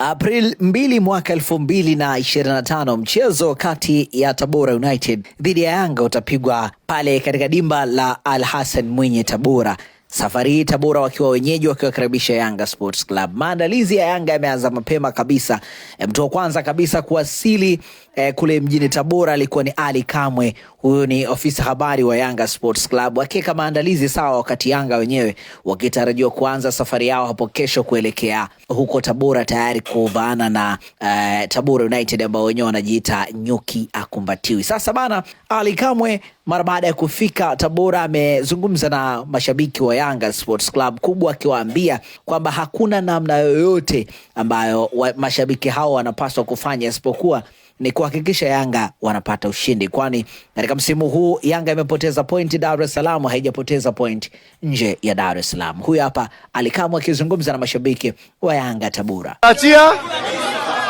April 2 mwaka 2025, mchezo kati ya Tabora United dhidi ya Yanga utapigwa pale katika dimba la Al Hassan Mwinyi Tabora. Safari hii Tabora wakiwa wenyeji wakiwakaribisha Yanga Sports Club. Maandalizi ya Yanga yameanza mapema kabisa. E, Mtu wa kwanza kabisa kuwasili e, kule mjini Tabora alikuwa ni Ali Kamwe. Huyu ni ofisa habari wa Yanga Sports Club akiweka maandalizi sawa, wakati Yanga wenyewe wakitarajiwa kuanza safari yao hapo kesho kuelekea huko Tabora, tayari kuvaana na eh, Tabora United ambao wenyewe wanajiita nyuki akumbatiwi. Sasa bana, Ali Kamwe mara baada ya kufika Tabora amezungumza na mashabiki wa Yanga Sports Club kubwa akiwaambia kwamba hakuna namna yoyote ambayo wa, mashabiki hao wanapaswa kufanya isipokuwa ni kuhakikisha Yanga wanapata ushindi, kwani katika msimu huu Yanga imepoteza pointi Dar es Salaam, haijapoteza point nje ya Dar es Salaam. Huyu hapa Alikamwe akizungumza na mashabiki wa Yanga Tabora. Achia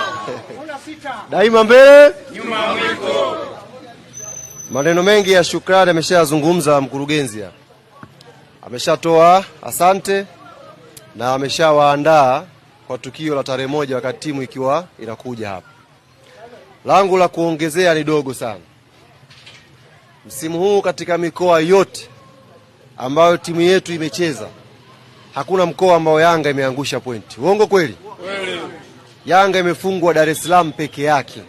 daima mbele, nyuma mwiko Maneno mengi ya shukrani ameshayazungumza mkurugenzi hapa, ameshatoa asante na ameshawaandaa kwa tukio la tarehe moja, wakati timu ikiwa inakuja hapa. Langu la kuongezea ni dogo sana. Msimu huu katika mikoa yote ambayo timu yetu imecheza hakuna mkoa ambao Yanga imeangusha pointi. Uongo kweli? Yanga imefungwa Dar es Salaam peke yake,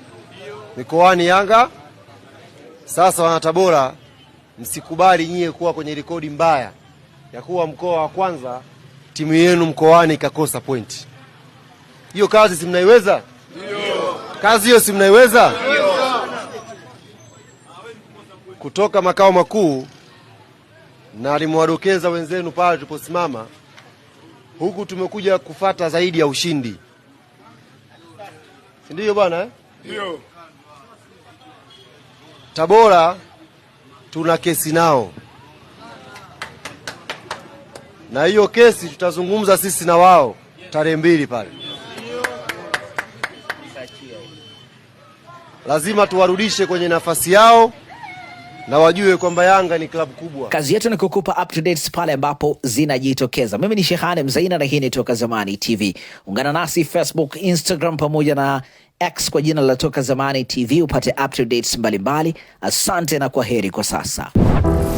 mikoani Yanga sasa wanatabora, msikubali nyie kuwa kwenye rekodi mbaya ya kuwa mkoa wa kwanza timu yenu mkoani ikakosa pointi. Hiyo kazi si mnaiweza? Ndio. Kazi hiyo si mnaiweza? Ndio. Kutoka makao makuu na alimwadokeza wenzenu pale tuliposimama, huku tumekuja kufata zaidi ya ushindi, si ndiyo bwana eh? Ndio. Tabora tuna kesi nao, na hiyo kesi tutazungumza sisi na wao tarehe mbili pale. Lazima tuwarudishe kwenye nafasi yao na wajue kwamba Yanga ni klabu kubwa. Kazi yetu ni kukupa up to date pale ambapo zinajitokeza. Mimi ni Shehane Mzaina na hii ni Toka Zamani TV. Ungana nasi Facebook, Instagram pamoja na X kwa jina la Toka Zamani TV upate updates mbalimbali. Asante na kwa heri kwa sasa.